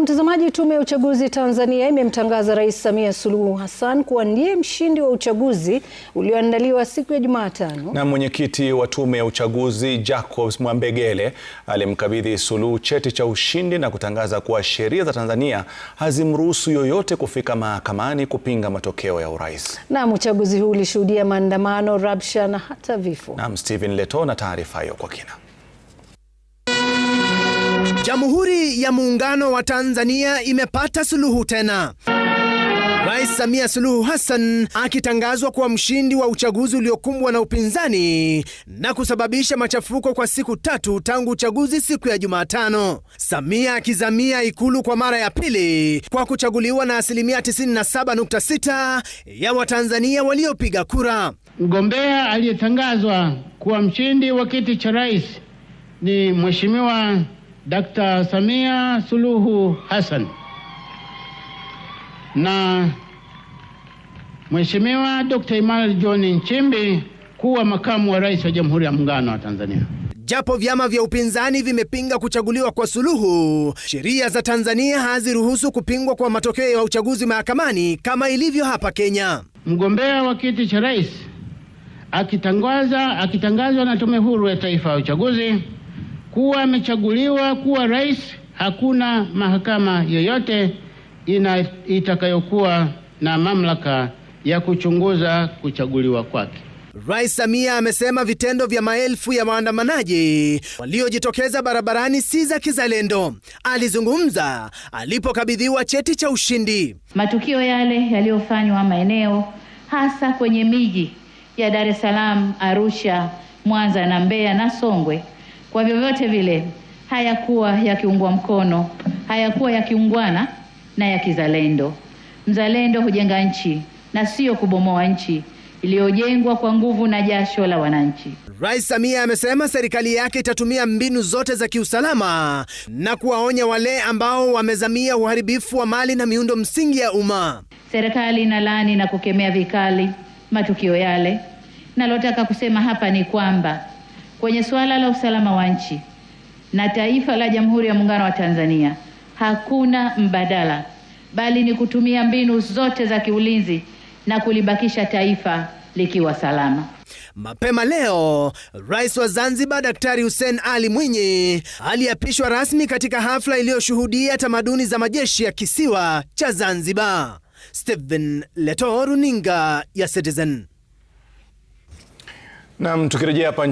mtazamaji, Tume ya Uchaguzi Tanzania imemtangaza Rais Samia Suluhu Hassan kuwa ndiye mshindi wa uchaguzi ulioandaliwa siku ya Jumatano. Na mwenyekiti wa Tume ya Uchaguzi Jacobs Mwambegele alimkabidhi Suluhu cheti cha ushindi na kutangaza kuwa sheria za Tanzania hazimruhusu yoyote kufika mahakamani kupinga matokeo ya urais. Na uchaguzi huu ulishuhudia maandamano, rabsha na hata vifo. Naam, Stephen Leto na taarifa hiyo kwa kina. Jamhuri ya Muungano wa Tanzania imepata suluhu tena. Rais Samia Suluhu Hassan akitangazwa kuwa mshindi wa uchaguzi uliokumbwa na upinzani na kusababisha machafuko kwa siku tatu tangu uchaguzi siku ya Jumatano. Samia akizamia Ikulu kwa mara ya pili kwa kuchaguliwa na asilimia 97.6 ya Watanzania waliopiga kura. Mgombea aliyetangazwa kuwa mshindi wa kiti cha rais ni Mheshimiwa Dr. Samia Suluhu Hassan na Mheshimiwa Dr. Emmanuel John Nchimbi kuwa makamu wa rais wa Jamhuri ya Muungano wa Tanzania. Japo vyama vya upinzani vimepinga kuchaguliwa kwa Suluhu, sheria za Tanzania haziruhusu kupingwa kwa matokeo ya uchaguzi mahakamani kama ilivyo hapa Kenya. Mgombea wa kiti cha rais akitangazwa na Tume Huru ya Taifa ya Uchaguzi kuwa amechaguliwa kuwa rais, hakuna mahakama yoyote ina itakayokuwa na mamlaka ya kuchunguza kuchaguliwa kwake. Rais Samia amesema vitendo vya maelfu ya waandamanaji waliojitokeza barabarani si za kizalendo. Alizungumza alipokabidhiwa cheti cha ushindi. Matukio yale yaliyofanywa maeneo hasa kwenye miji ya Dar es Salaam, Arusha, Mwanza na Mbeya na Songwe kwa vyovyote vile hayakuwa yakiungwa mkono, hayakuwa yakiungwana na ya kizalendo. Mzalendo hujenga nchi na sio kubomoa nchi iliyojengwa kwa nguvu na jasho la wananchi. Rais Samia amesema serikali yake itatumia mbinu zote za kiusalama na kuwaonya wale ambao wamezamia uharibifu wa mali na miundo msingi ya umma. Serikali inalaani na kukemea vikali matukio yale. Nalotaka kusema hapa ni kwamba Kwenye suala la usalama wa nchi na taifa la Jamhuri ya Muungano wa Tanzania, hakuna mbadala, bali ni kutumia mbinu zote za kiulinzi na kulibakisha taifa likiwa salama. Mapema leo Rais wa Zanzibar Daktari Hussein Ali Mwinyi aliapishwa rasmi katika hafla iliyoshuhudia tamaduni za majeshi ya kisiwa cha Zanzibar. Stephen Leto, runinga ya Citizen. Naam, tukirejea hapa